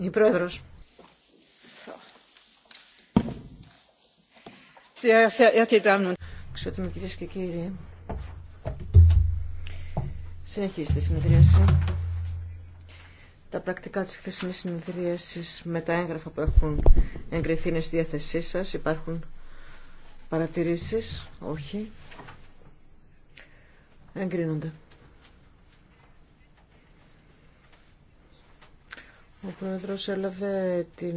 Η Πρόεδρος. Ξέρετε κυρίες και κύριοι, συνεχίζεται η συνεδρίαση. Τα πρακτικά της χθεσινής συνεδρίασης με τα έγγραφα που έχουν εγκριθεί είναι στη διάθεσή σας. Υπάρχουν παρατηρήσεις, όχι. Εγκρίνονται. Ο Πρόεδρος έλαβε την